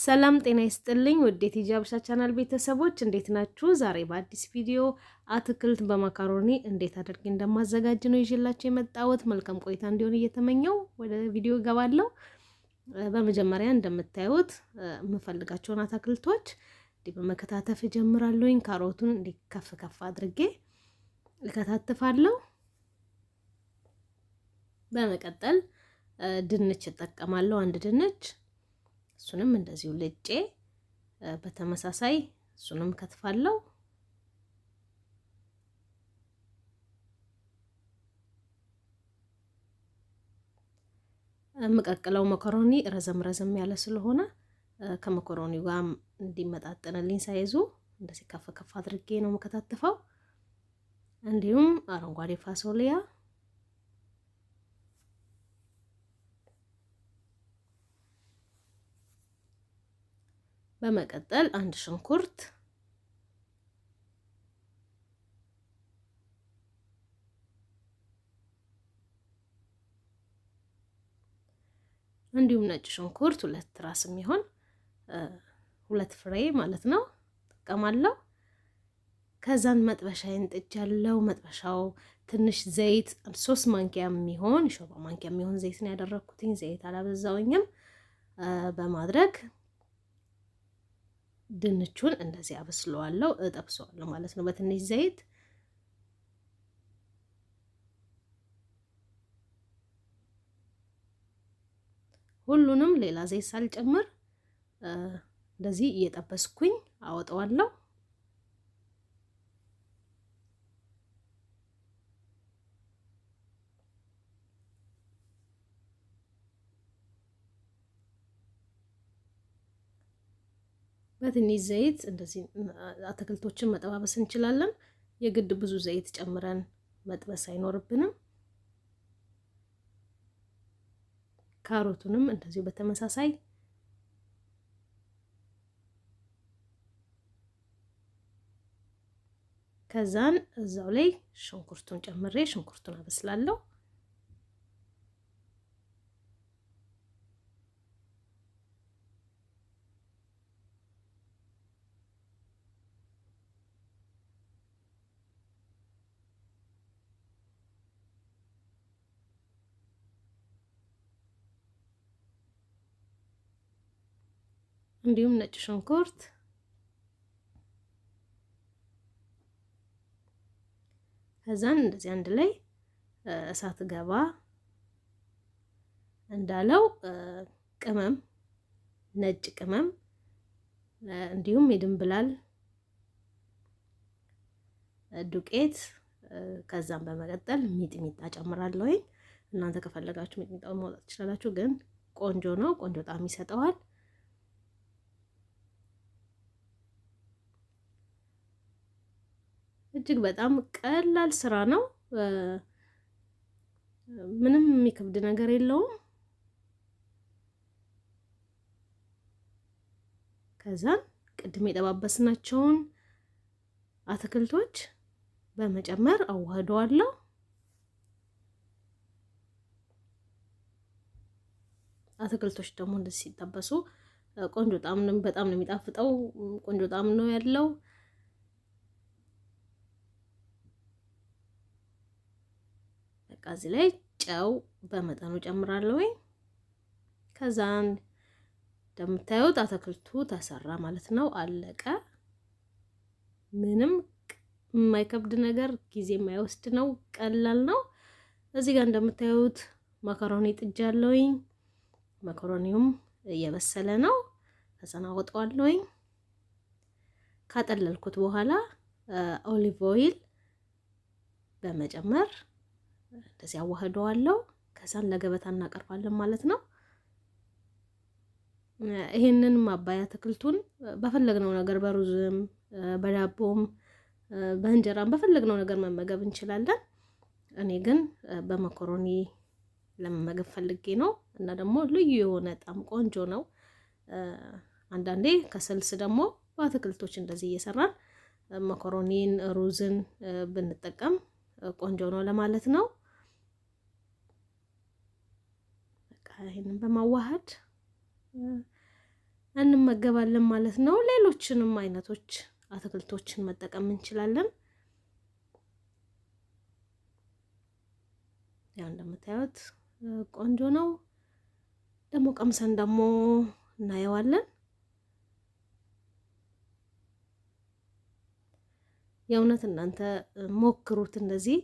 ሰላም ጤና ይስጥልኝ። ውዴት የጃብሻ ቻናል ቤተሰቦች እንዴት ናችሁ? ዛሬ በአዲስ ቪዲዮ አትክልት በማካሮኒ እንዴት አድርጌ እንደማዘጋጅ ነው ይዤላችሁ የመጣሁት። መልካም ቆይታ እንዲሆን እየተመኘው ወደ ቪዲዮ እገባለሁ። በመጀመሪያ እንደምታዩት የምፈልጋቸውን አትክልቶች እንዲህ በመከታተፍ እጀምራለሁኝ። ካሮቱን እንዲህ ከፍ ከፍ አድርጌ እከታትፋለሁ። በመቀጠል ድንች እጠቀማለሁ፣ አንድ ድንች እሱንም እንደዚሁ ልጬ በተመሳሳይ እሱንም ከትፋለው። የምቀቅለው መኮሮኒ ረዘም ረዘም ያለ ስለሆነ ከመኮሮኒ ጋር እንዲመጣጠንልኝ ሳይዙ እንደዚህ ከፍ ከፍ አድርጌ ነው የምከታትፈው። እንዲሁም አረንጓዴ ፋሶሊያ በመቀጠል አንድ ሽንኩርት እንዲሁም ነጭ ሽንኩርት ሁለት ራስ የሚሆን ሁለት ፍሬ ማለት ነው ጠቀማለሁ። ከዛን መጥበሻዬን ጥጃለሁ። መጥበሻው ትንሽ ዘይት ሶስት ማንኪያ የሚሆን የሾርባ ማንኪያ የሚሆን ዘይት ነው ያደረግኩትኝ። ዘይት አላበዛውኝም በማድረግ ድንቹን እንደዚህ አበስለዋለሁ፣ እጠብሰዋለሁ ማለት ነው በትንሽ ዘይት ሁሉንም ሌላ ዘይት ሳልጨምር እንደዚህ እየጠበስኩኝ አወጣዋለሁ። በትንሽ ዘይት እንደዚህ አትክልቶችን መጠባበስ እንችላለን። የግድ ብዙ ዘይት ጨምረን መጥበስ አይኖርብንም። ካሮቱንም እንደዚሁ በተመሳሳይ ከዛን እዛው ላይ ሽንኩርቱን ጨምሬ ሽንኩርቱን አበስላለሁ። እንዲሁም ነጭ ሽንኩርት ከዛን እንደዚህ አንድ ላይ እሳት ገባ እንዳለው ቅመም ነጭ ቅመም እንዲሁም የድንብላል ዱቄት ከዛም በመቀጠል ሚጥሚጣ ጨምራለሁ። እናንተ ከፈለጋችሁ ሚጥሚጣውን ማውጣት ትችላላችሁ፣ ግን ቆንጆ ነው። ቆንጆ ጣዕም ይሰጠዋል። እጅግ በጣም ቀላል ስራ ነው። ምንም የሚከብድ ነገር የለውም። ከዛን ቅድም የጠባበስናቸውን አትክልቶች በመጨመር አዋህደዋለሁ። አትክልቶች ደግሞ እንደዚህ ሲጠበሱ ቆንጆ ጣዕም ነው፣ በጣም ነው የሚጣፍጠው። ቆንጆ ጣዕም ነው ያለው። በቃ እዚህ ላይ ጨው በመጠኑ ጨምራለሁ። ከዛ እንደምታዩት አትክልቱ ተሰራ ማለት ነው። አለቀ። ምንም የማይከብድ ነገር፣ ጊዜ የማይወስድ ነው። ቀላል ነው። እዚህ ጋር እንደምታዩት ማካሮኒ አለውኝ ማካሮኒውም እየበሰለ ነው። ተሰናወጠዋለሁኝ። ካጠለልኩት በኋላ ኦሊቭ ኦይል በመጨመር እንደዚህ አዋህደዋለሁ። ከዛን ለገበታ እናቀርባለን ማለት ነው። ይሄንን ማባያ አትክልቱን በፈለግነው ነገር በሩዝም፣ በዳቦም፣ በእንጀራም በፈለግነው ነገር መመገብ እንችላለን። እኔ ግን በመኮሮኒ ለመመገብ ፈልጌ ነው እና ደግሞ ልዩ የሆነ ጣም ቆንጆ ነው። አንዳንዴ ከስልስ ደግሞ በአትክልቶች እንደዚህ እየሰራን መኮሮኒን፣ ሩዝን ብንጠቀም ቆንጆ ነው ለማለት ነው። ይሄንን በማዋሃድ እንመገባለን ማለት ነው። ሌሎችንም አይነቶች አትክልቶችን መጠቀም እንችላለን። ያው እንደምታዩት ቆንጆ ነው። ደግሞ ቀምሰን ደግሞ እናየዋለን። የእውነት እናንተ ሞክሩት እንደዚህ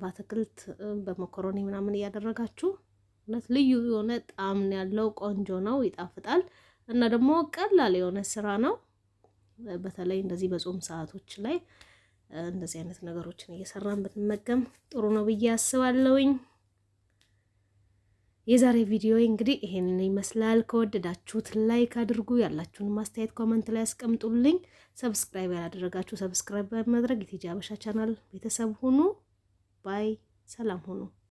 በአትክልት በመኮሮኒ ምናምን እያደረጋችሁ እውነት ልዩ የሆነ ጣዕም ያለው ቆንጆ ነው፣ ይጣፍጣል እና ደግሞ ቀላል የሆነ ስራ ነው። በተለይ እንደዚህ በጾም ሰዓቶች ላይ እንደዚህ አይነት ነገሮችን እየሰራን ብንመገም ጥሩ ነው ብዬ አስባለሁኝ። የዛሬ ቪዲዮ እንግዲህ ይሄንን ይመስላል። ከወደዳችሁት ላይክ አድርጉ። ያላችሁን ማስተያየት ኮመንት ላይ አስቀምጡልኝ። ሰብስክራይብ ያላደረጋችሁ ሰብስክራይብ በማድረግ የቲጂ አበሻ ቻናል ቤተሰብ ሁኑ። ባይ ሰላም ሁኑ።